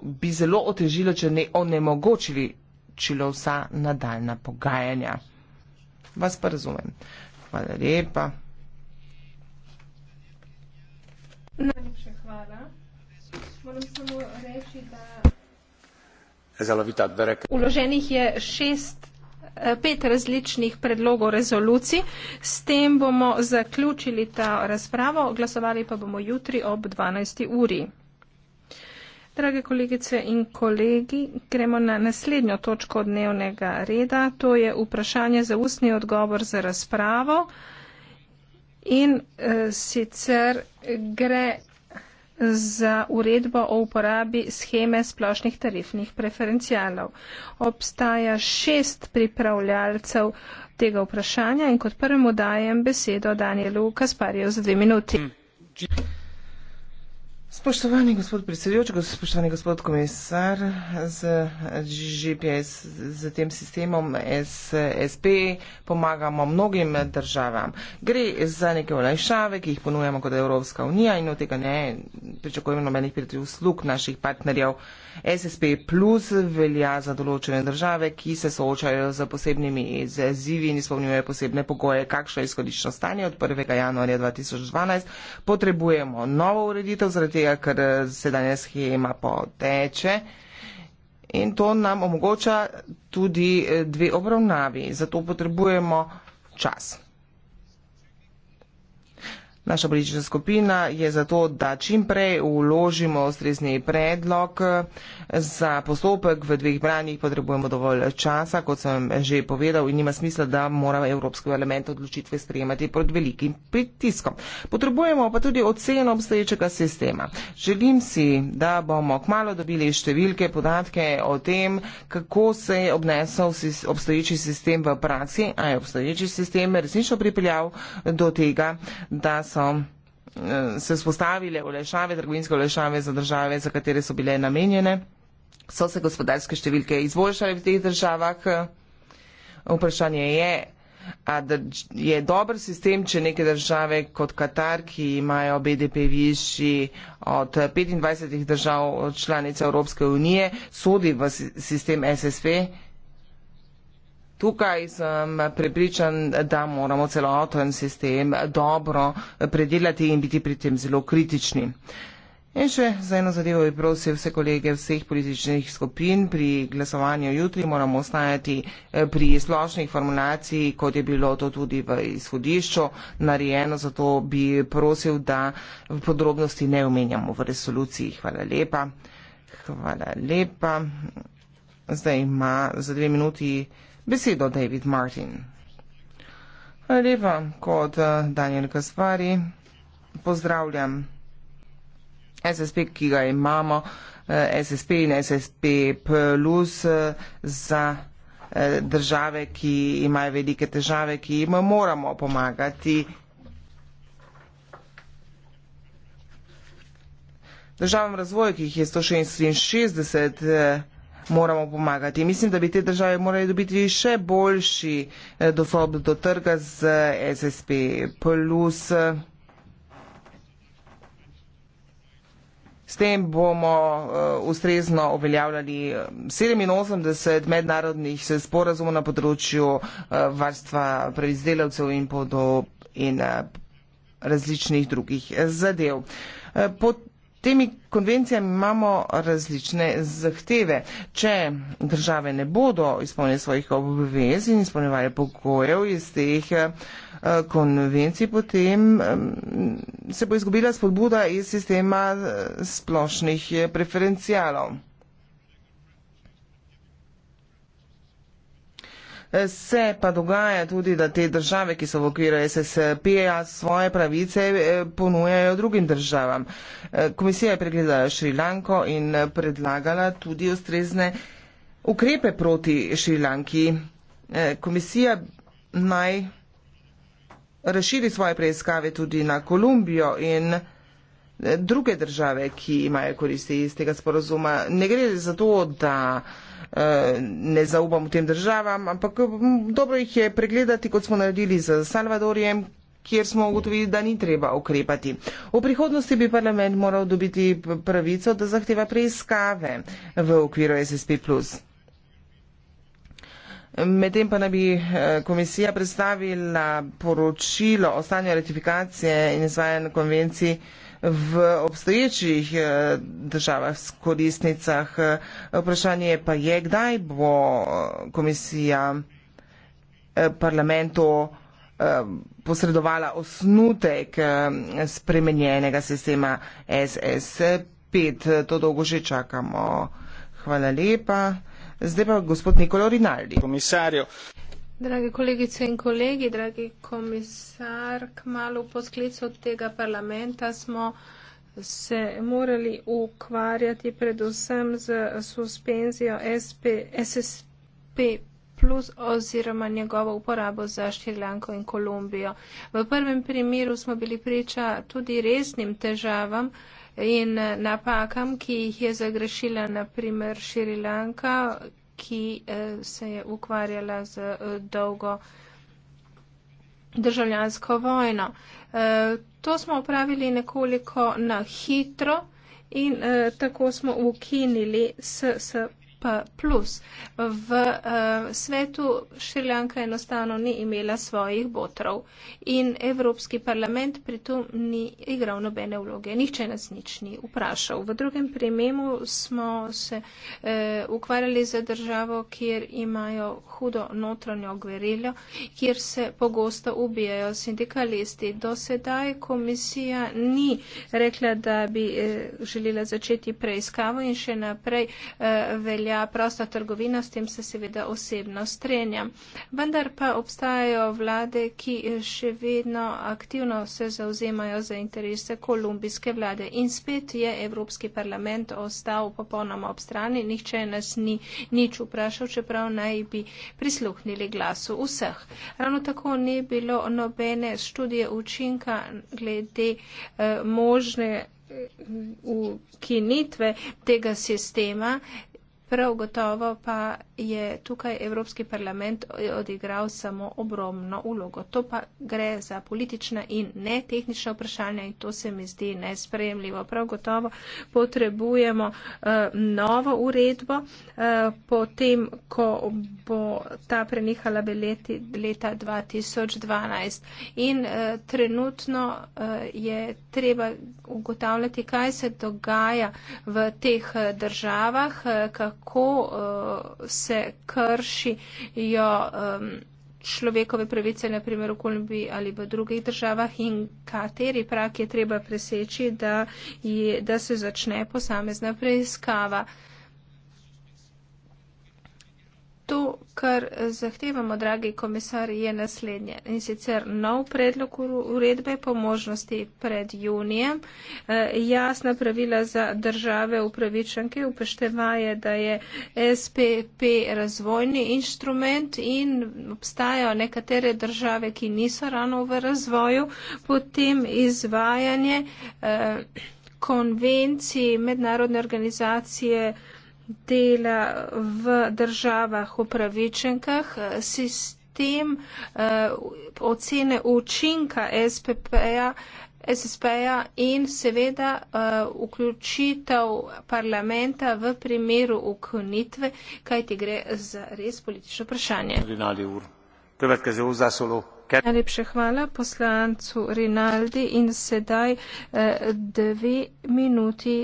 bi zelo otežilo, če ne onemogočili čilo vsa nadaljna pogajanja. Vas pa razumem. Hvala lepa. Najlepša hvala. Moram samo reči, da. Uloženih je šest, eh, pet različnih predlogov rezolucij. S tem bomo zaključili ta razpravo, glasovali pa bomo jutri ob 12. uri. Drage kolegice in kolegi, gremo na naslednjo točko dnevnega reda. To je vprašanje za ustni odgovor za razpravo. In e, sicer gre za uredbo o uporabi scheme splošnih tarifnih preferencijalov. Obstaja šest pripravljalcev tega vprašanja in kot prvemu dajem besedo Danielu Kasparju za dve minuti. Hmm. Spoštovani gospod predsedujoč, spoštovani gospod komisar z GPS, z tem sistemom SP pomagamo mnogim državam. Gre za neke olajšave, ki jih ponujamo kot Evropska unija in od tega ne pričakujemo nobenih pridružitev slug naših partnerjev. SSP plus velja za določene države, ki se soočajo z posebnimi izzivi in izpolnjujejo posebne pogoje, kakšno je izhodično stanje od 1. januarja 2012. Potrebujemo novo ureditev zaradi tega, ker sedanja schema poteče. In to nam omogoča tudi eh, dve obravnavi, zato potrebujemo čas. Naša politična skupina je zato, da čim prej uložimo ustrezni predlog eh, za postopek v dveh branjih, potrebujemo dovolj časa, kot sem že povedal, in nima smisla, da mora Evropski element odločitve sprejemati pod velikim pritiskom. Potrebujemo pa tudi oceno obstoječega sistema. Želim si, da bomo kmalo dobili številke, podatke o tem, kako se je obnesel obstoječi sistem v praksi, a je obstoječi sistem resnično pripeljal do tega, da so so eh, se spostavile olešave, trgovinske olešave za države, za katere so bile namenjene. So se gospodarske številke izboljšale v teh državah. Vprašanje je, a da je dober sistem, če neke države kot Katar, ki imajo BDP višji od 25 držav članic Evropske unije, sodi v sistem SSP. Tukaj sem prepričan, da moramo celoten sistem dobro predelati in biti pri tem zelo kritični. In še za eno zadevo bi prosil vse kolege vseh političnih skupin pri glasovanju jutri, moramo ostajati eh, pri splošnih formulacij, kot je bilo to tudi v izhodišču narejeno, zato bi prosil, da v podrobnosti ne omenjamo v resoluciji. Hvala lepa. Hvala lepa. Zdaj ima za dve minuti besedo David Martin. Lepa kot eh, Daniel Kaspari, pozdravljam SSP, ki ga imamo, eh, SSP in SSP plus eh, za države, ki imajo velike težave, ki jim moramo pomagati. Državam razvoja, ki jih je 163 moramo pomagati. Mislim, da bi te države morali dobiti še boljši eh, dostop do trga z eh, SSP. Plus, eh. S tem bomo uh, ustrezno uveljavljali 87 mednarodnih sporazumov na področju uh, varstva pravic delavcev in, podob, in uh, različnih drugih zadev. Uh, pot, temi konvencijami imamo različne zahteve. Če države ne bodo izpolnile svojih obvez in izpolnjevali pogojev iz teh eh, konvencij, potem se bo izgubila spodbuda iz sistema eh, splošnih eh, preferencijalov. se pa dogaja tudi, da te države, ki so v okviru SSP-ja, svoje pravice eh, ponujajo drugim državam. Eh, komisija je pregledala Šrilanko in eh, predlagala tudi ustrezne ukrepe proti Šrilanki. Komisija naj razširi svoje preiskave tudi na Kolumbijo in druge države, ki imajo koristi iz tega sporozuma. Ne gre za to, da uh, Eh, ne zaupam v tem državam, ampak mm, dobro jih je pregledati, kot smo naredili z Salvadorjem kjer smo ugotovili, da ni treba ukrepati. V prihodnosti bi parlament moral dobiti pravico, da zahteva preiskave v okviru SSP. Medtem pa naj bi eh, komisija predstavila poročilo o stanju ratifikacije in izvajanju konvencij v obstoječih eh, državah s koristnicah. Eh, vprašanje pa je, kdaj bo eh, komisija parlamentu posredovala osnutek spremenjenega sistema SS5. To dolgo že čakamo. Hvala lepa. Zdaj pa gospod Nikolo Rinaldi. Komisarjo. Drage kolegice in kolegi, dragi komisar, k malu po sklicu tega parlamenta smo se morali ukvarjati predvsem z suspenzijo SP, SSP plus oziroma njegovo uporabo za Šrilanko in Kolumbijo. V prvem primeru smo bili priča tudi resnim težavam in napakam, ki jih je zagrešila naprimer Šrilanka ki eh, se je ukvarjala z eh, dolgo državljansko vojno. Eh, to smo opravili nekoliko na hitro in tako smo ukinili SSP pa plus. V uh, svetu Šriljanka enostavno ni imela svojih botrov in Evropski parlament pri tem ni igral nobene vloge. Nihče nas nič ni vprašal. V drugem primemu smo se uh, ukvarjali za državo, kjer imajo hudo notranjo gverilo, kjer se pogosto ubijajo sindikalisti. Do sedaj komisija ni rekla, da bi uh, želela začeti preiskavo in še naprej uh, velja velja prosta trgovina, s tem se seveda osebno strenjam. Vendar pa obstajajo vlade, ki še vedno aktivno se zauzemajo za interese kolumbijske vlade. In spet je Evropski parlament ostal popolnoma ob strani, nihče nas ni nič vprašal, čeprav naj bi prisluhnili glasu vseh. Ravno tako ni bilo nobene študije učinka glede eh, možne eh, ukinitve tega sistema, Prav gotovo pa je tukaj Evropski parlament odigral samo obromno ulogo. To pa gre za politična in ne tehnična vprašanja in to se mi zdi nespremljivo. Prav gotovo potrebujemo uh, novo uredbo, uh, potem ko bo ta prenehala beleti leta 2012. In uh, trenutno uh, je treba ugotavljati, kaj se dogaja v teh državah, uh, kako uh, se kršijo um, človekove pravice, na primer v Kolumbiji ali v drugih državah in kateri prak je treba preseči, da, je, da se začne posamezna preiskava. Uh, To, kar zahtevamo, dragi komisar, je naslednje. In sicer nov predlog uredbe po možnosti pred junijem, eh, jasna pravila za države upravičanke, upoštevaje, da je SPP razvojni inštrument in obstajajo nekatere države, ki niso ravno v razvoju, potem izvajanje eh, konvencij mednarodne organizacije dela v državah upravičenkah. Sistem uh, ocene učinka SPP-ja. SSP-ja in seveda uh, vključitev parlamenta v primeru ukonitve, kaj ti gre za res politično vprašanje. Najlepša hvala poslancu Rinaldi in sedaj uh, dve minuti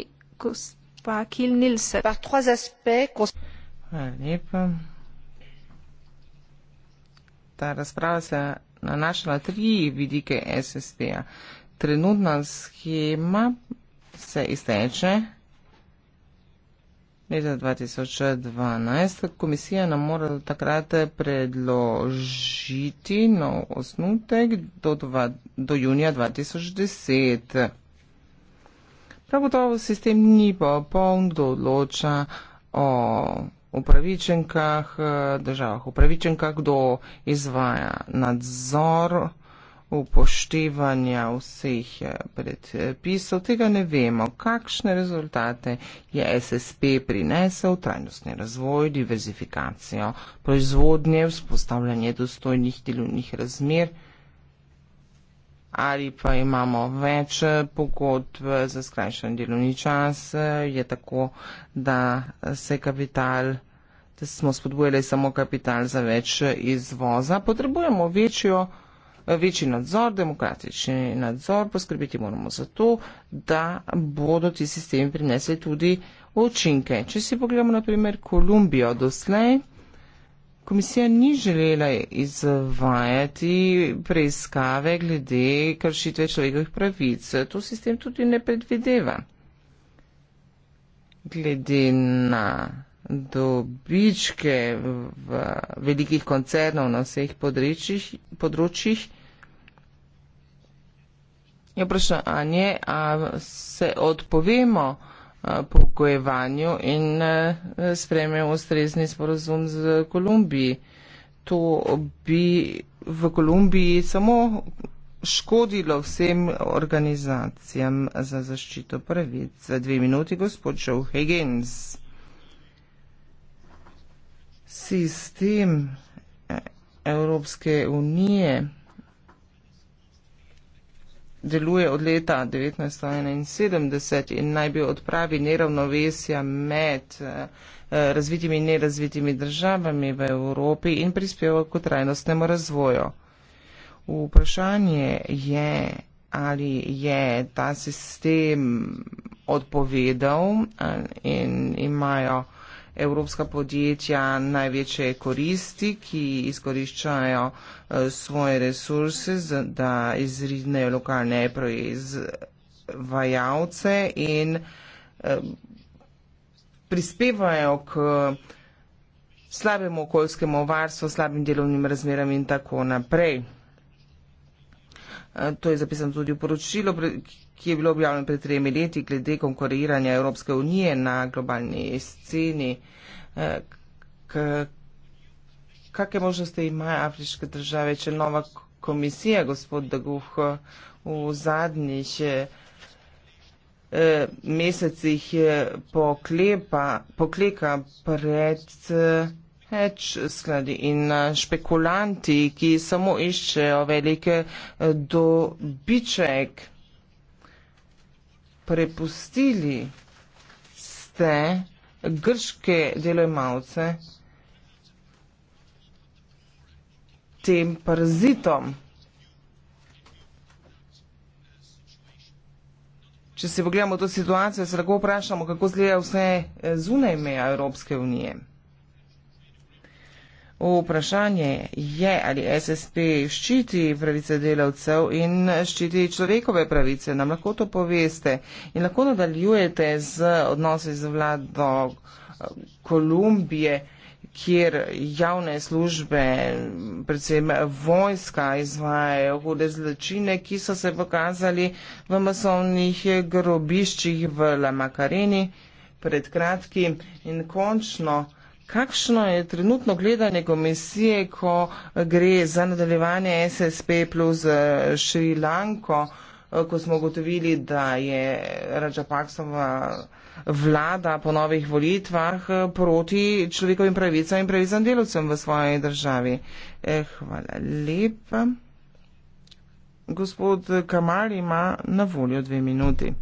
gospa Kil Nilsen. Hvala lepa. Ta razprava se nanaša na tri vidike SSD-a. Trenutna schema se izteče leta 2012. Komisija nam mora takrat predložiti nov osnutek do, dva, do junija 2010. Prav gotovo sistem ni popoln, določa o upravičenkah, državah upravičenkah, kdo izvaja nadzor upoštevanja vseh predpisov. Tega ne vemo, kakšne rezultate je SSP prinesel, trajnostni razvoj, diverzifikacijo proizvodnje, vzpostavljanje dostojnih delovnih razmer ali pa imamo več pogodb za skrajšan delovni čas, je tako, da se kapital, da smo spodbujali samo kapital za več izvoza. Potrebujemo večjo, večji nadzor, demokratični nadzor, poskrbiti moramo za to, da bodo ti sistemi prinesli tudi učinke. Če si pogledamo naprimer Kolumbijo doslej, Komisija ni želela izvajati preiskave glede kršitve človekovih pravic. To sistem tudi ne predvideva. Glede na dobičke v velikih koncernov na vseh področjih, je vprašanje, a se odpovemo. Eh, pogojevanju in eh, spreme ustrezni sporozum z Kolumbiji. To bi v Kolumbiji samo škodilo vsem organizacijam za zaščito pravic. Za dve minuti gospod Joe Higgins. Sistem eh, Evropske unije deluje od leta 1971 in naj bi odpravi neravnovesja med eh, razvitimi in nerazvitimi državami v Evropi in prispeva k trajnostnemu razvoju. Vprašanje je, ali je ta sistem odpovedal eh, in imajo evropska podjetja največje koristi, ki izkoriščajo eh, svoje resurse, da izridnejo lokalne proizvajalce in eh, prispevajo k slabemu okoljskemu varstvu, slabim delovnim razmeram in tako naprej. Eh, to je zapisano tudi v poročilo, ki je bilo objavljeno pred tremi leti glede konkuriranja Evropske unije na globalni sceni. Eh, Kakšne možnosti imajo afriške države, če nova komisija, gospod Daguh, v zadnjih eh, mesecih poklepa, pokleka pred več skladi in eh, špekulanti, ki samo iščejo velike eh, dobiček, prepustili ste grške delojmalce tem parazitom. Če si pogledamo to situacijo, se lahko vprašamo, kako zgleda vse eh, zunaj meja Evropske unije. Vprašanje je, ali SSP ščiti pravice delavcev in ščiti človekove pravice. Nam lahko to poveste in lahko nadaljujete z odnosi z vlado eh, Kolumbije, kjer javne službe, predvsem vojska, izvajajo hude zločine, ki so se pokazali v masovnih grobiščih v Lamakareni pred kratkim in končno. Kakšno je trenutno gledanje komisije, ko gre za nadaljevanje SSP plus eh, Šrilanko, eh, ko smo ugotovili, da je Rajapaksova vlada po novih volitvah eh, proti človekovim pravicam in pravicam delovcem v svoji državi? Eh, hvala lepa. Gospod Kamal ima na voljo dve minuti.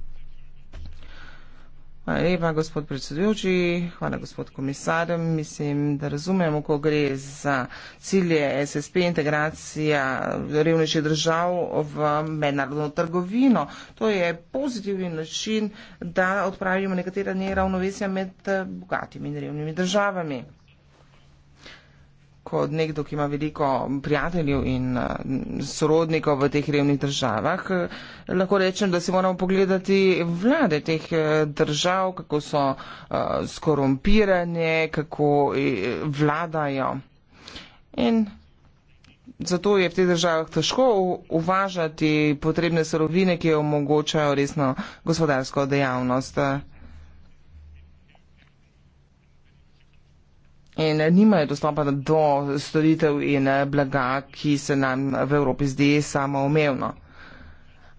Hvala lepa, gospod predsedujoči. Hvala, gospod komisar. Mislim, da razumemo, ko gre za cilje SSP integracija revnejših držav v mednarodno trgovino. To je pozitivni način, da odpravimo nekatera neravnovesja med bogatimi in revnimi državami kot nekdo, ki ima veliko prijateljev in eh, sorodnikov v teh revnih državah, eh, lahko rečem, da si moramo pogledati vlade teh eh, držav, kako so skorumpirane, kako vladajo. In zato je v teh državah težko uvažati potrebne sorovine, ki omogočajo resno gospodarsko dejavnost. in eh, nimajo dostopa do storitev in eh, blaga, ki se nam v Evropi zdi samoumevno.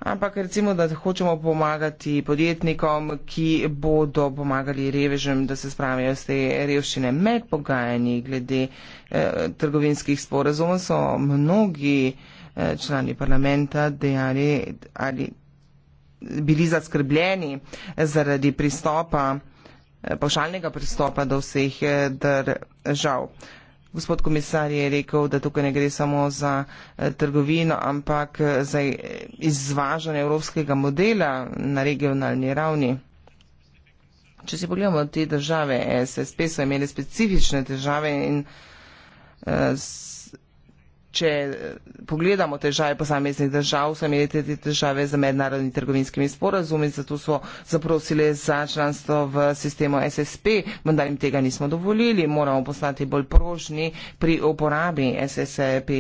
Ampak recimo, da hočemo pomagati podjetnikom, ki bodo pomagali revežem, da se spravijo z te revščine med pogajanji glede eh, trgovinskih sporazumov, so mnogi eh, člani parlamenta dejali, ali bili zaskrbljeni zaradi pristopa Eh, pavšalnega pristopa do vseh eh, držav. Gospod komisar je rekel, da tukaj ne gre samo za eh, trgovino, ampak za izvažanje evropskega modela na regionalni ravni. Če si pogledamo te države, SSP so imeli specifične države in če eh, pogledamo težave posameznih držav, so imeli tudi težave z mednarodnimi trgovinskimi sporazumi, zato so zaprosili za članstvo v sistemu SSP, vendar jim tega nismo dovolili, moramo postati bolj prožni pri uporabi SSP.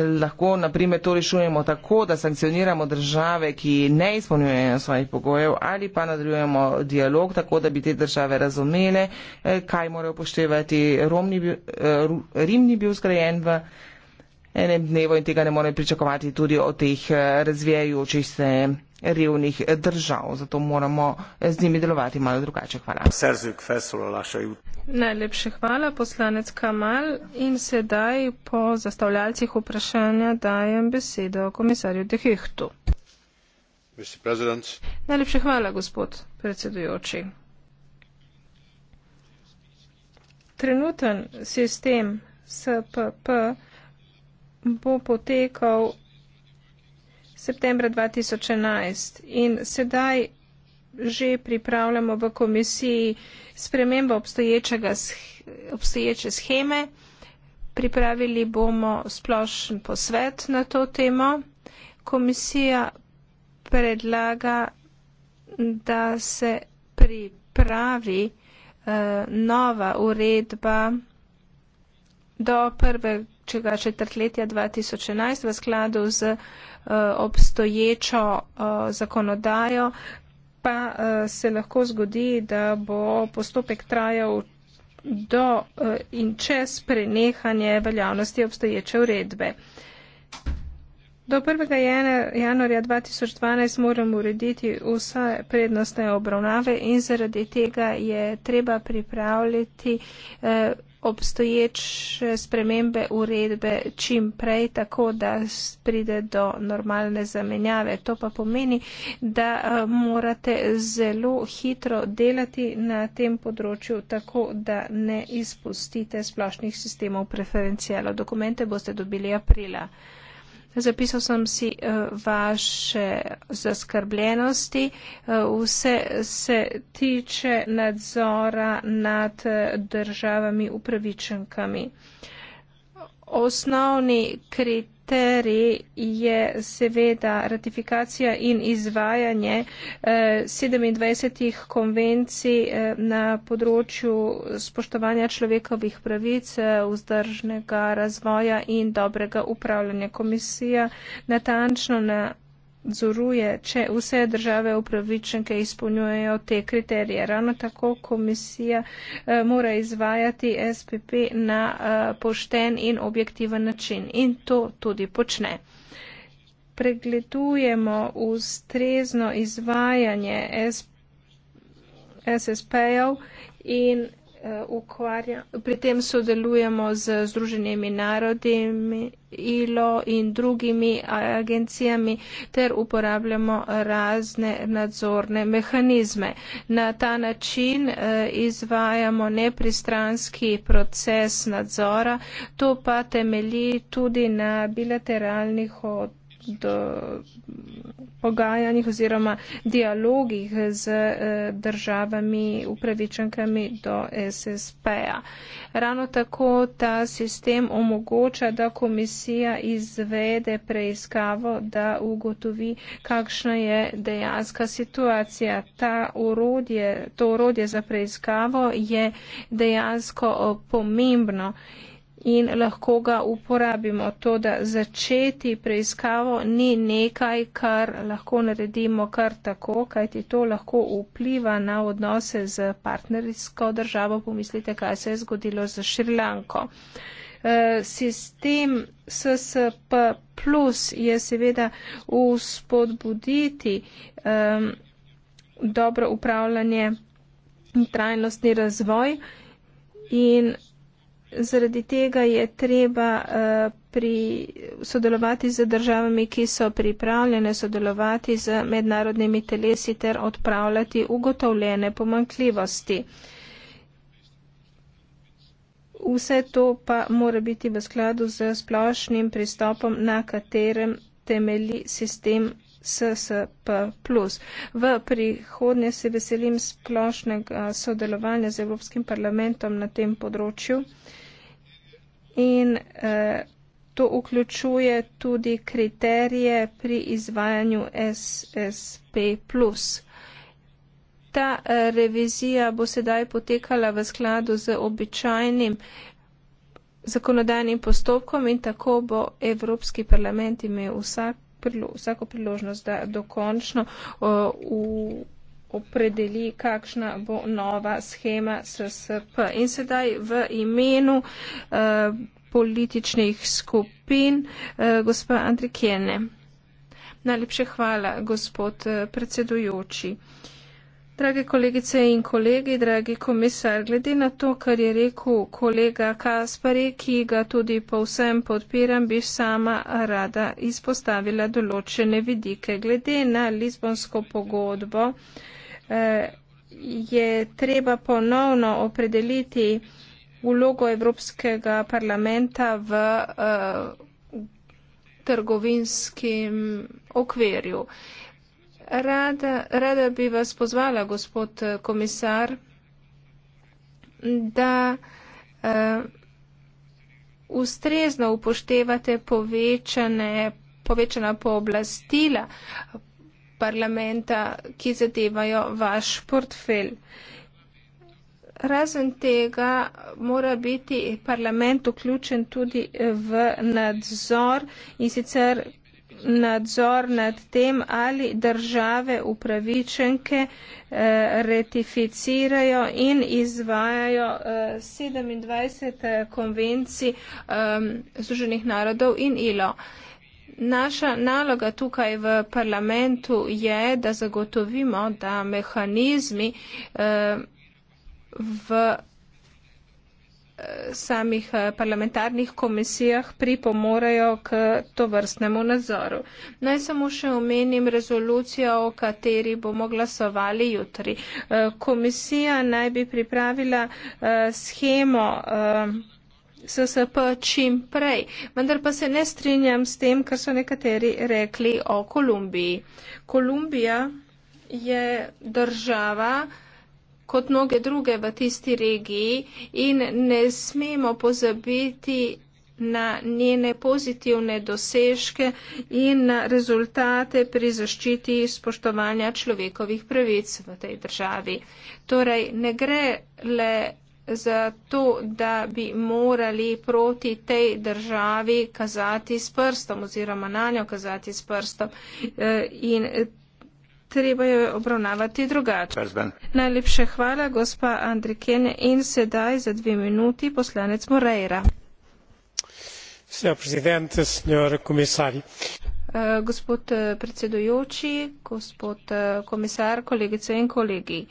lahko naprimer to rešujemo tako, da sankcioniramo države, ki ne izpolnjujejo svojih pogojev ali pa nadaljujemo dialog tako, da bi te države razumele, eh, kaj morajo upoštevati. Eh, Rim ni bil zgrajen v enem dnevu in tega ne more pričakovati tudi od teh eh, razvijajočih se revnih eh, držav. Zato moramo eh, z njimi delovati malo drugače. Hvala. Najlepše hvala, poslanec Kamal. In sedaj po zastavljalcih vprašanja dajem besedo komisarju Dehehtu. Najlepše hvala, gospod predsedujoči. Trenuten sistem SPP bo potekal septembra 2011 in sedaj že pripravljamo v komisiji spremembo obstoječega, obstoječe scheme. Pripravili bomo splošen posvet na to temo. Komisija predlaga, da se pripravi uh, nova uredba do 1 tekočega četrtletja 2011 v skladu z eh, obstoječo eh, zakonodajo, pa eh, se lahko zgodi, da bo postopek trajal do in čez prenehanje veljavnosti obstoječe uredbe. Do 1. januarja 2012 moramo urediti vse prednostne obravnave in zaradi tega je treba pripravljati eh, obstoječe spremembe uredbe čim prej, tako da pride do normalne zamenjave. To pa pomeni, da eh, morate zelo hitro delati na tem področju, tako da ne izpustite splošnih sistemov preferencijalo. Dokumente boste dobili aprila. Zapisal sem si eh, vaše zaskrbljenosti. Eh, vse se tiče nadzora nad eh, državami upravičenkami. Osnovni kriterij materi je seveda ratifikacija in izvajanje 27. Eh, konvencij eh, na področju spoštovanja človekovih pravic, eh, vzdržnega razvoja in dobrega upravljanja. Komisija natančno na nadzoruje, če vse države upravičenke izpolnjujejo te kriterije. Ravno tako komisija eh, mora izvajati SPP na eh, pošten in objektiven način in to tudi počne. Pregledujemo ustrezno izvajanje SSP-jev in Eh, ukvarjamo. Pri tem sodelujemo z Združenimi narodi, ILO in drugimi agencijami ter uporabljamo razne nadzorne mehanizme. Na ta način eh, izvajamo nepristranski proces nadzora, to pa temelji tudi na bilateralnih odločitvah pogajanjih oziroma dialogih z eh, državami upravičenkami do SSP-ja. Ravno tako ta sistem omogoča, da komisija izvede preiskavo, da ugotovi, kakšna je dejanska situacija. Urodje, to urodje za preiskavo je dejansko eh, pomembno in lahko ga uporabimo. To, da začeti preiskavo ni nekaj, kar lahko naredimo kar tako, kajti to lahko vpliva na odnose z partnerjsko državo. Pomislite, kaj se je zgodilo z Šrilanko. Eh, sistem SSP plus je seveda uspodbuditi um, dobro upravljanje in trajnostni razvoj in zaradi tega je treba eh, pri, sodelovati z državami, ki so pripravljene sodelovati z mednarodnimi telesi ter odpravljati ugotovljene pomankljivosti. Vse to pa mora biti v skladu z splošnim pristopom, na katerem temeli sistem SSP. V prihodnje se veselim splošnega sodelovanja z Evropskim parlamentom na tem področju in eh, to vključuje tudi kriterije pri izvajanju SSP. Ta eh, revizija bo sedaj potekala v skladu z običajnim zakonodajnim postopkom in tako bo Evropski parlament imel vsak, prilo, vsako priložnost, da dokončno uh, v opredeli, kakšna bo nova schema SSP. In sedaj v imenu eh, političnih skupin, eh, gospod Andrikjene. Najlepše hvala, gospod eh, predsedujoči. Drage kolegice in kolegi, dragi komisar, glede na to, kar je rekel kolega Kaspari, ki ga tudi povsem podpiram, bi sama rada izpostavila določene vidike. Glede na Lizbonsko pogodbo, Eh, je treba ponovno opredeliti vlogo Evropskega parlamenta v eh, trgovinskim okvirju. Rada, rada bi vas pozvala, gospod eh, komisar, da uh, ustrezno upoštevate povečane, povečana pooblastila parlamenta, ki zadevajo vaš portfelj. Razen tega mora biti parlament vključen tudi v nadzor in sicer nadzor nad tem, ali države upravičenke eh, ratificirajo in izvajajo 27 eh, eh, konvencij Združenih narodov in ILO. Naša naloga tukaj v parlamentu je, da zagotovimo, da mehanizmi eh, v eh, samih eh, parlamentarnih komisijah pripomorajo k to vrstnemu nadzoru. Naj samo še omenim rezolucijo, o kateri bomo glasovali jutri. Komisija naj bi pripravila schemo SSP čim prej. Vendar pa se ne strinjam s tem, kar so nekateri rekli o Kolumbiji. Kolumbija je država kot mnoge druge v tisti regiji in ne smemo pozabiti na njene pozitivne dosežke in na rezultate pri zaščiti spoštovanja človekovih pravic v tej državi. Torej, ne gre le zato, da bi morali proti tej državi kazati s prstom oziroma na njo kazati s prstom eh, in treba jo obravnavati drugače. Najlepše hvala, gospa Andrikene, in sedaj za dve minuti poslanec Moreira. Eh, gospod eh, predsedujoči, gospod komisar, kolegice in kolegi.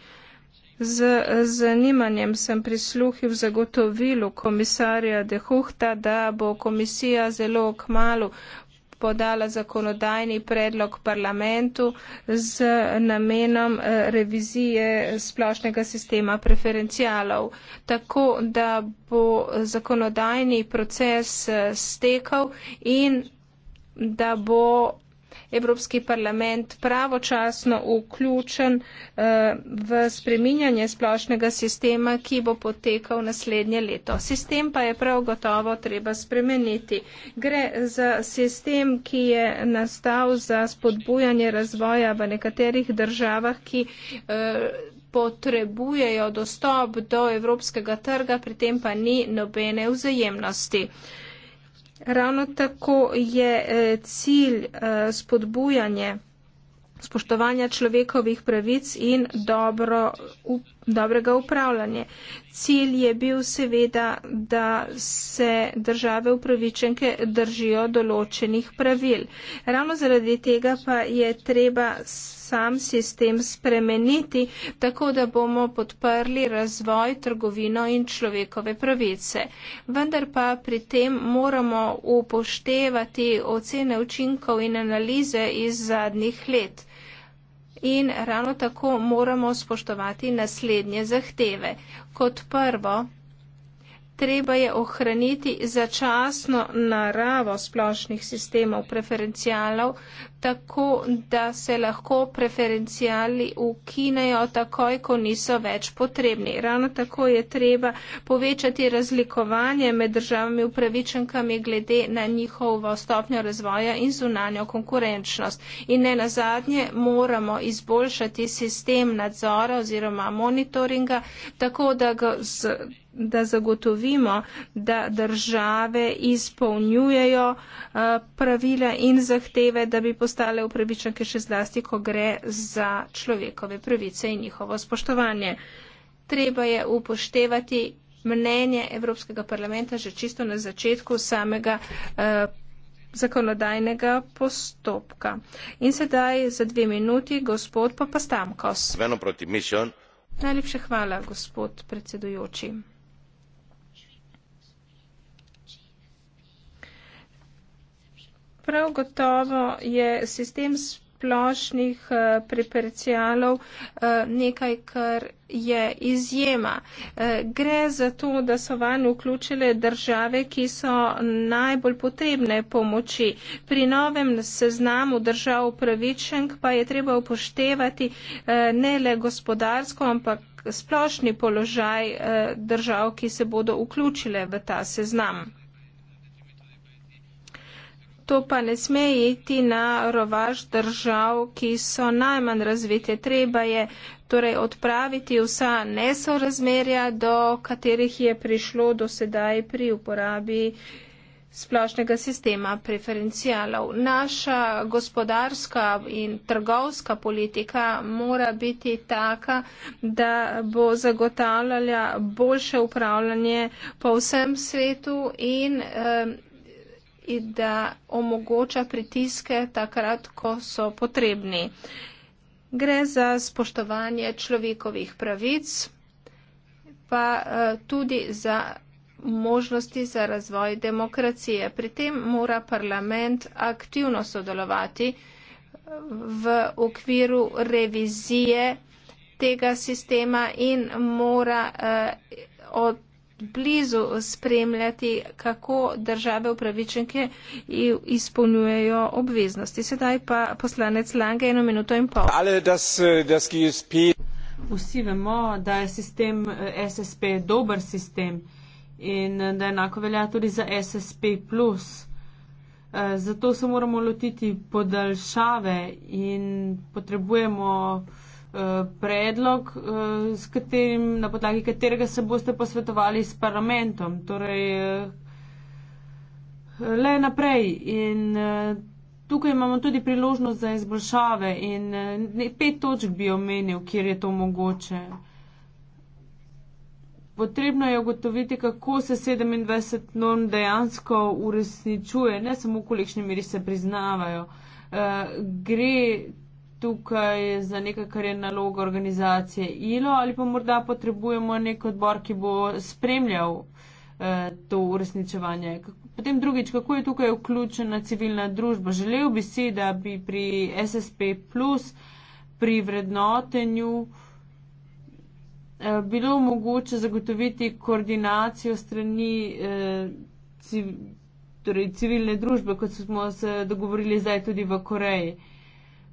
Z zanimanjem sem prisluhil zagotovilu komisarja De Huhta, da bo komisija zelo kmalo podala zakonodajni predlog parlamentu z namenom eh, revizije splošnega sistema preferencialov, tako da bo zakonodajni proces eh, stekal in da bo Evropski parlament pravočasno vključen eh, v spreminjanje splošnega sistema, ki bo potekal naslednje leto. Sistem pa je prav gotovo treba spremeniti. Gre za sistem, ki je nastal za spodbujanje razvoja v nekaterih državah, ki eh, potrebujejo dostop do evropskega trga, pri tem pa ni nobene vzajemnosti. Ravno tako je eh, cilj eh, spodbujanje spoštovanja človekovih pravic in dobro upravljanje dobrega upravljanja. Cilj je bil seveda, da se države upravičenke držijo določenih pravil. Ravno zaradi tega pa je treba sam sistem spremeniti, tako da bomo podprli razvoj, trgovino in človekove pravice. Vendar pa pri tem moramo upoštevati ocene učinkov in analize iz zadnjih let in ravno tako moramo spoštovati naslednje zahteve. Kot prvo, treba je ohraniti začasno naravo splošnih sistemov preferencialov, tako da se lahko preferencijali ukinejo takoj, ko niso več potrebni. Ravno tako je treba povečati razlikovanje med državami upravičenkami glede na njihovo stopnjo razvoja in zunanjo konkurenčnost. In ne na zadnje moramo izboljšati sistem nadzora oziroma monitoringa, tako da ga z da zagotovimo, da države izpolnjujejo eh, pravila in zahteve, da bi posebej postale upravičenke še zlasti, ko gre za človekove pravice in njihovo spoštovanje. Treba je upoštevati mnenje Evropskega parlamenta že čisto na začetku samega eh, zakonodajnega postopka. In sedaj za dve minuti gospod Papastamkos. Najlepša hvala, gospod predsedujoči. Prav gotovo je sistem splošnih eh, preperecijalov eh, nekaj, kar je izjema. Eh, gre za to, da so van vključile države, ki so najbolj potrebne pomoči. Pri novem seznamu držav pravičenk pa je treba upoštevati ne le gospodarsko, ampak splošni položaj držav, ki se bodo vključile v ta seznam to pa ne sme iti na rovaž držav, ki so najmanj razvite. Treba je torej odpraviti vsa nesorazmerja, do katerih je prišlo do sedaj pri uporabi splošnega sistema preferencijalov. Naša gospodarska in trgovska politika mora biti taka, da bo zagotavljala boljše upravljanje po vsem svetu in eh, in da omogoča pritiske takrat, ko so potrebni. Gre za spoštovanje človekovih pravic, pa eh, tudi za možnosti za razvoj demokracije. Pri tem mora parlament aktivno sodelovati eh, v okviru revizije tega sistema in mora eh, od blizu spremljati, kako države upravičenke izpolnjujejo obveznosti. Sedaj pa poslanec Lange eno minuto in pol. Ale, das, das GSP... Vsi vemo, da je sistem eh, SSP dober sistem in eh, da enako velja tudi za SSP. Eh, zato se moramo lotiti podaljšave in potrebujemo Eh, predlog, eh, s katerim, na podlagi katerega se boste posvetovali s parlamentom. Torej, eh, le naprej. In tukaj imamo tudi priložnost za izboljšave in pet točk bi omenil, kjer je to mogoče. Potrebno je ugotoviti, kako se 27 norm dejansko uresničuje, ne samo v kolikšni meri se priznavajo. Uh, gre tukaj za nekaj, kar je naloga organizacije ILO, ali pa morda potrebujemo nek odbor, ki bo spremljal eh, to uresničevanje. Potem drugič, kako je tukaj vključena civilna družba? Želel bi si, da bi pri SSP, pri vrednotenju, eh, bilo mogoče zagotoviti koordinacijo strani. Eh, civ Torej, civilne družbe, kot smo se dogovorili zdaj tudi v Koreji. Uh,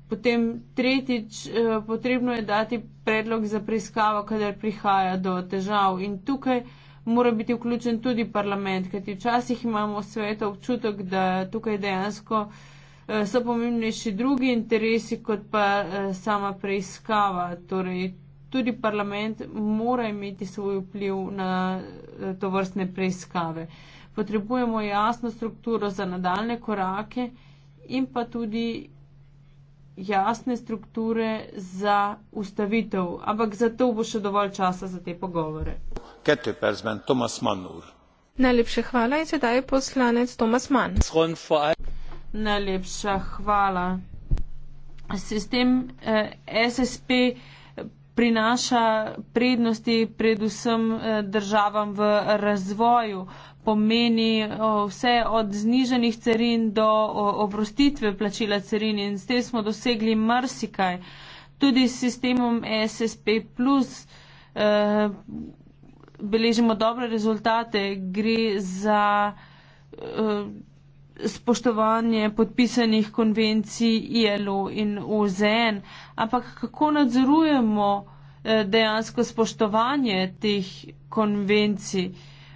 Potem tretjič, eh, potrebno je dati predlog za preiskavo, kadar prihaja do težav. In tukaj mora biti vključen tudi parlament, kajti včasih imamo v svetu občutek, da tukaj dejansko eh, so pomembnejši drugi interesi, kot pa eh, sama preiskava. Torej, tudi parlament mora imeti svoj vpliv na to vrstne preiskave. Potrebujemo jasno strukturo za nadaljne korake in pa tudi jasne strukture za ustavitev, ampak za to bo še dovolj časa za te pogovore. Najlepša hvala in sedaj je poslanec Tomas Mann. Najlepša hvala. Sistem eh, SSP prinaša prednosti predvsem eh, državam v razvoju. Pomeni vse od zniženih carin do oprostitve plačila carin in s tem smo dosegli marsikaj. Tudi s sistemom SSP plus eh, beležimo dobre rezultate. Gre za eh, spoštovanje podpisanih konvencij ILO in OZN, ampak kako nadzorujemo eh, dejansko spoštovanje teh konvencij,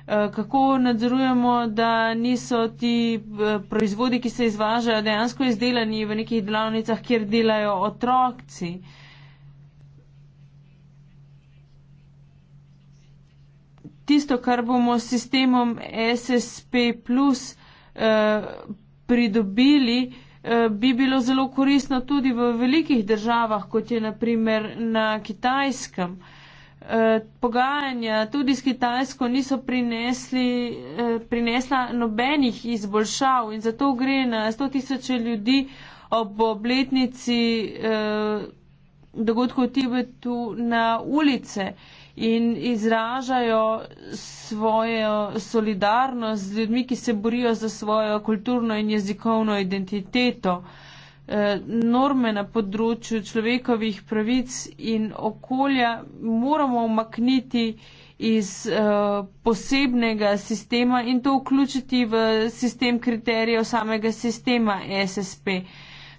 eh, kako nadzorujemo, da niso ti eh, proizvodi, ki se izvažajo, dejansko izdelani v nekih delavnicah, kjer delajo otroci. Tisto, kar bomo s sistemom SSP, Eh, pridobili, eh, bi bilo zelo koristno tudi v velikih državah, kot je naprimer na kitajskem. Eh, pogajanja tudi s Kitajsko niso prinesli, prinesla nobenih izboljšav in zato gre na 100 tisoče ljudi ob obletnici dogodkov v Tibetu na ulice in izražajo svojo solidarnost z ljudmi, ki se borijo za svojo kulturno in jezikovno identiteto. E, norme na področju človekovih pravic in okolja moramo omakniti iz e, posebnega sistema in to vključiti v sistem kriterijev samega sistema SSP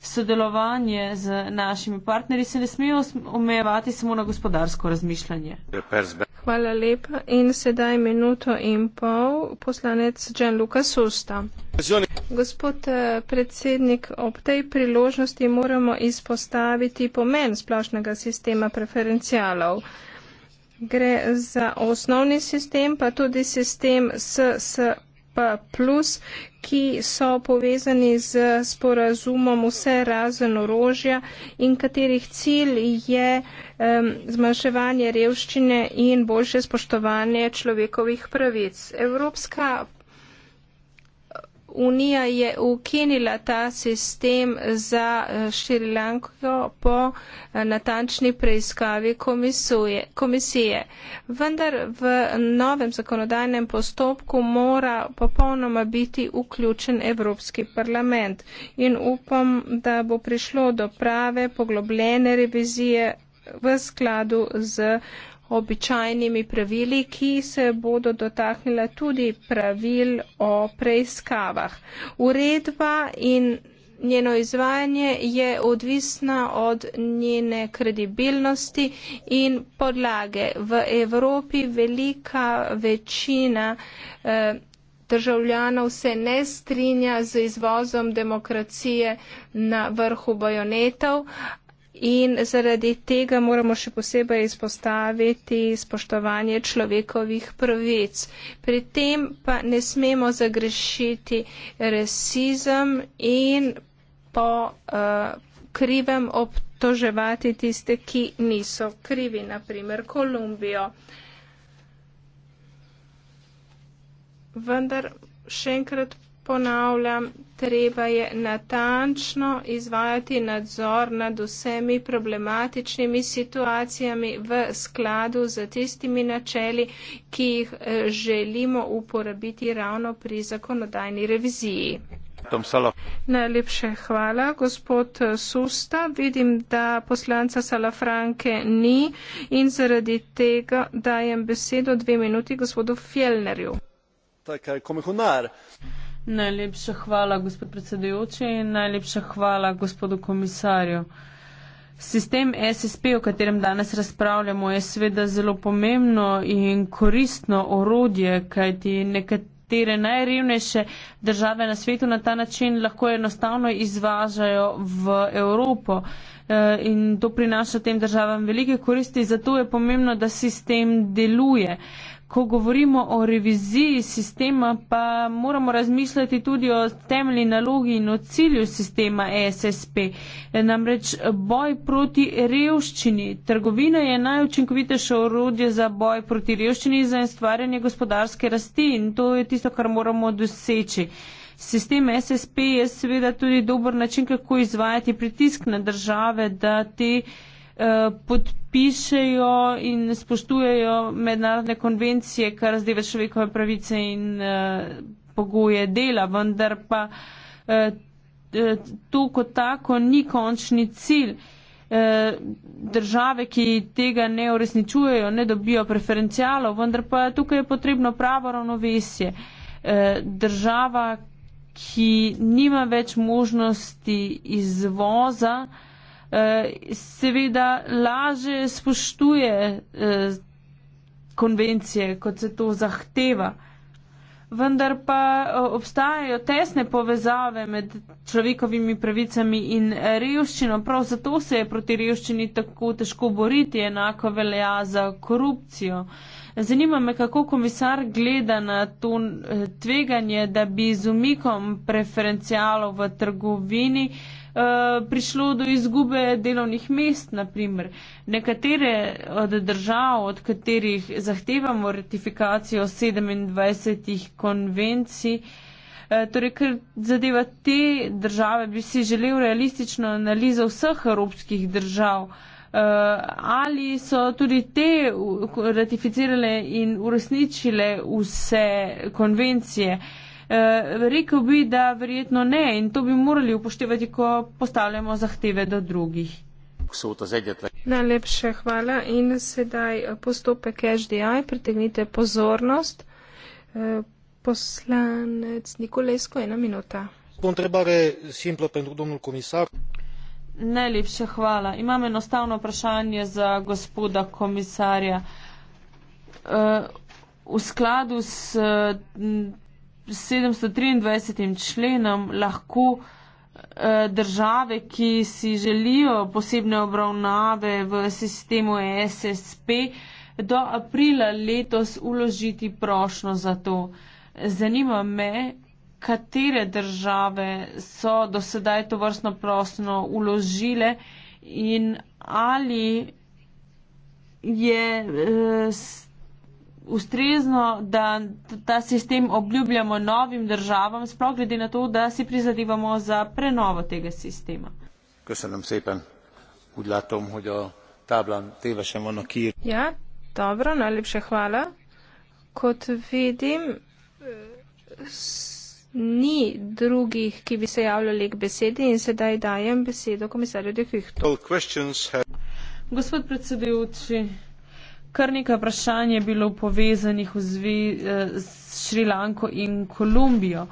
sodelovanje z našimi partnerji se ne smejo omejevati samo na gospodarsko razmišljanje. Hvala lepa in sedaj minuto in pol poslanec Gianluca Susta. Gospod eh, predsednik, ob tej priložnosti moramo izpostaviti pomen splošnega sistema preferencialov. Gre za osnovni sistem, pa tudi sistem SSP plus, ki so povezani z sporazumom vse razen orožja in katerih cilj je um, zmanjševanje revščine in boljše spoštovanje človekovih pravic. Evropska unija je ukinila ta sistem za eh, Šrilanko po eh, natančni preiskavi komisuje, komisije. Vendar v novem zakonodajnem postopku mora popolnoma biti vključen Evropski parlament in upam, da bo prišlo do prave poglobljene revizije v skladu z običajnimi pravili, ki se bodo dotaknila tudi pravil o preiskavah. Uredba in njeno izvajanje je odvisna od njene kredibilnosti in podlage. V Evropi velika večina eh, državljanov se ne strinja z izvozom demokracije na vrhu bajonetov, In zaradi tega moramo še posebej izpostaviti spoštovanje človekovih pravic. Pri tem pa ne smemo zagrešiti rasizem in po uh, krivem obtoževati tiste, ki niso krivi, naprimer Kolumbijo. Vendar še enkrat ponavljam, treba je natančno izvajati nadzor nad vsemi problematičnimi situacijami v skladu z tistimi načeli, ki jih eh, želimo uporabiti ravno pri zakonodajni reviziji. Najlepše hvala, gospod Susta. Vidim, da poslanca Salafranke ni in zaradi tega dajem besedo dve minuti gospodu Fjellnerju. Tako je komisionar. Najlepša hvala, gospod predsedujoči, in najlepša hvala, gospodu komisarju. Sistem SSP, o katerem danes razpravljamo, je seveda zelo pomembno in koristno orodje, kajti nekatere najrevnejše države na svetu na ta način lahko enostavno izvažajo v Evropo. Eh, in to prinaša tem državam velike koristi, zato je pomembno, da sistem deluje ko govorimo o reviziji sistema, pa moramo razmišljati tudi o temeljni nalogi in o cilju sistema ESSP. Namreč boj proti revščini. Trgovina je najučinkovitejše orodje za boj proti revščini in za ustvarjanje gospodarske rasti in to je tisto, kar moramo doseči. Sistem e SSP je seveda tudi dober način, kako izvajati pritisk na države, da te. Uh, Eh, podpišejo in spoštujejo mednarodne konvencije, kar zdaj več človekove pravice in eh, pogoje dela, vendar pa eh, to kot tako ni končni cilj. Države, ki tega ne uresničujejo, ne dobijo preferencijalo, vendar pa tukaj je potrebno pravo ravnovesje. Država, ki nima več možnosti izvoza, Eh, seveda laže spoštuje eh, konvencije, kot se to zahteva. Vendar pa eh, obstajajo tesne povezave med človekovimi pravicami in revščino. Prav zato se je proti revščini tako težko boriti, enako velja za korupcijo. Zanima me, kako komisar gleda na to tveganje, da bi z umikom preferencialov v trgovini eh, Eh, prišlo do izgube delovnih mest, naprimer. Nekatere od držav, od katerih zahtevamo ratifikacijo 27 konvencij, eh, Torej, ker zadeva te države, bi si želel realistično analizo vseh evropskih držav, eh, ali so tudi te ratificirale in uresničile vse konvencije. Eh, rekel bi, da verjetno ne in to bi morali upoštevati, ko postavljamo zahteve do drugih. Najlepše hvala in sedaj eh, postopek HDI, pritegnite pozornost. Eh, poslanec Nikolesko, ena minuta. Najlepše hvala. Imam enostavno vprašanje za gospoda komisarja. V skladu s 723. členom lahko eh, države, ki si želijo posebne obravnave v sistemu e SSP, do aprila letos uložiti prošno za to. Zanima me, katere države so do sedaj to vrstno prosno uložile in ali je. Eh, ustrezno, da ta sistem obljubljamo novim državam, sploh glede na to, da si prizadevamo za prenovo tega sistema. Ja, dobro, najlepše hvala. Kot vidim, ni drugih, ki bi se javljali k besedi in sedaj dajem besedo komisarju Dehvihtu. Gospod predsedujoči. Kar nekaj vprašanj je bilo povezanih zve, eh, s Šrilanko in Kolumbijo.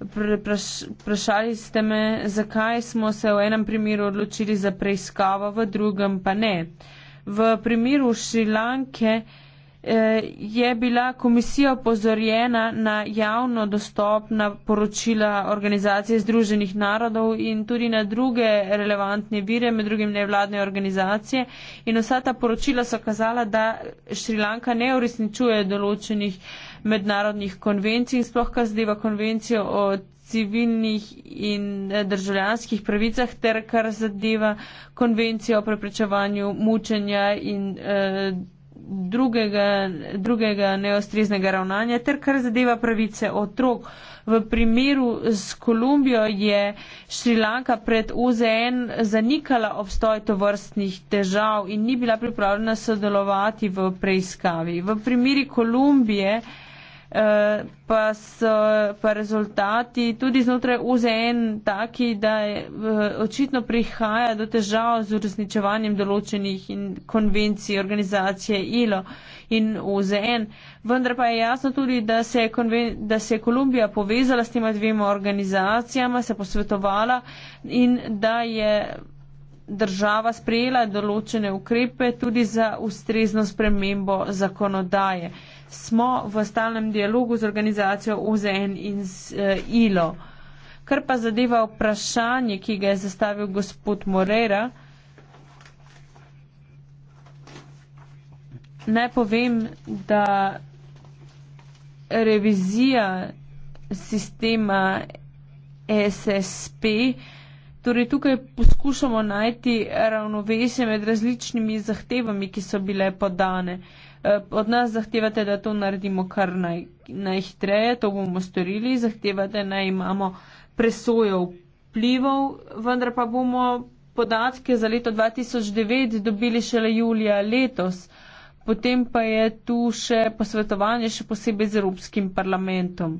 Vprašali Praš, ste me, zakaj smo se v enem primeru odločili za preiskavo, v drugem pa ne. V primeru Šrilanke. Eh, je bila komisija opozorjena na javno dostopna poročila organizacije Združenih narodov in tudi na druge relevantne vire, med drugim nevladne organizacije. In vsa ta poročila so kazala, da Šrilanka ne uresničuje določenih mednarodnih konvencij in sploh kar zdeva konvencijo o civilnih in eh, državljanskih pravicah, ter kar zadeva konvencijo o preprečevanju mučenja in. Eh, drugega, drugega neostreznega ravnanja, ter kar zadeva pravice otrok. V primeru s Kolumbijo je Šrilanka pred OZN zanikala obstoj tovrstnih težav in ni bila pripravljena sodelovati v preiskavi. V primeri Kolumbije Eh, pa so pa rezultati tudi znotraj UZN taki, da je, eh, očitno prihaja do težav z uresničevanjem določenih in konvencij organizacije ILO in UZN. Vendar pa je jasno tudi, da se je, konven, da se je Kolumbija povezala s tema dvema organizacijama, se posvetovala in da je država sprejela določene ukrepe tudi za ustrezno spremembo zakonodaje. Uh, smo v stalnem dialogu z organizacijo OZN in z uh, eh, ILO. Kar pa zadeva vprašanje, ki ga je zastavil gospod Morera, naj povem, da revizija sistema SSP, torej tukaj poskušamo najti ravnovesje med različnimi zahtevami, ki so bile podane. Uh, Eh, od nas zahtevate, da to naredimo kar naj, najhitreje, to bomo storili, zahtevate, da imamo presojo vplivov, vendar pa bomo podatke za leto 2009 dobili šele julija letos. Potem pa je tu še posvetovanje, še posebej z Evropskim parlamentom.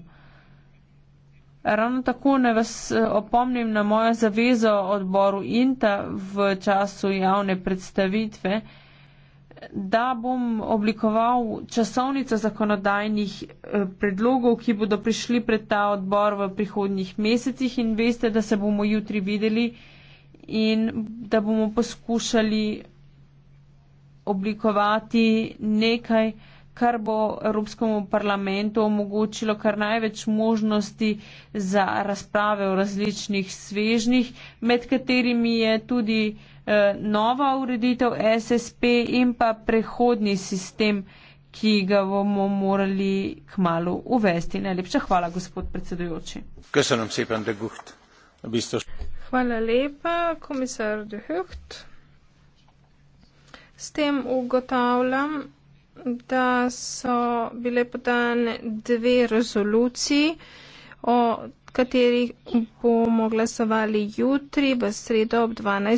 Ravno tako ne vas eh, opomnim na mojo zavezo odboru INTA v času javne predstavitve, da bom oblikoval časovnico zakonodajnih eh, predlogov, ki bodo prišli pred ta odbor v prihodnjih mesecih in veste, da se bomo jutri videli in da bomo poskušali oblikovati nekaj, kar bo Evropskemu parlamentu omogočilo kar največ možnosti za razprave v različnih svežnih, med katerimi je tudi eh, nova ureditev SSP in pa prehodni sistem, ki ga bomo morali k malu uvesti. Najlepša hvala, gospod predsedujoči. Hvala lepa, komisar De Hucht. S tem ugotavljam, da so bile podane dve rezoluciji, o katerih bomo glasovali jutri v sredo ob 12.00.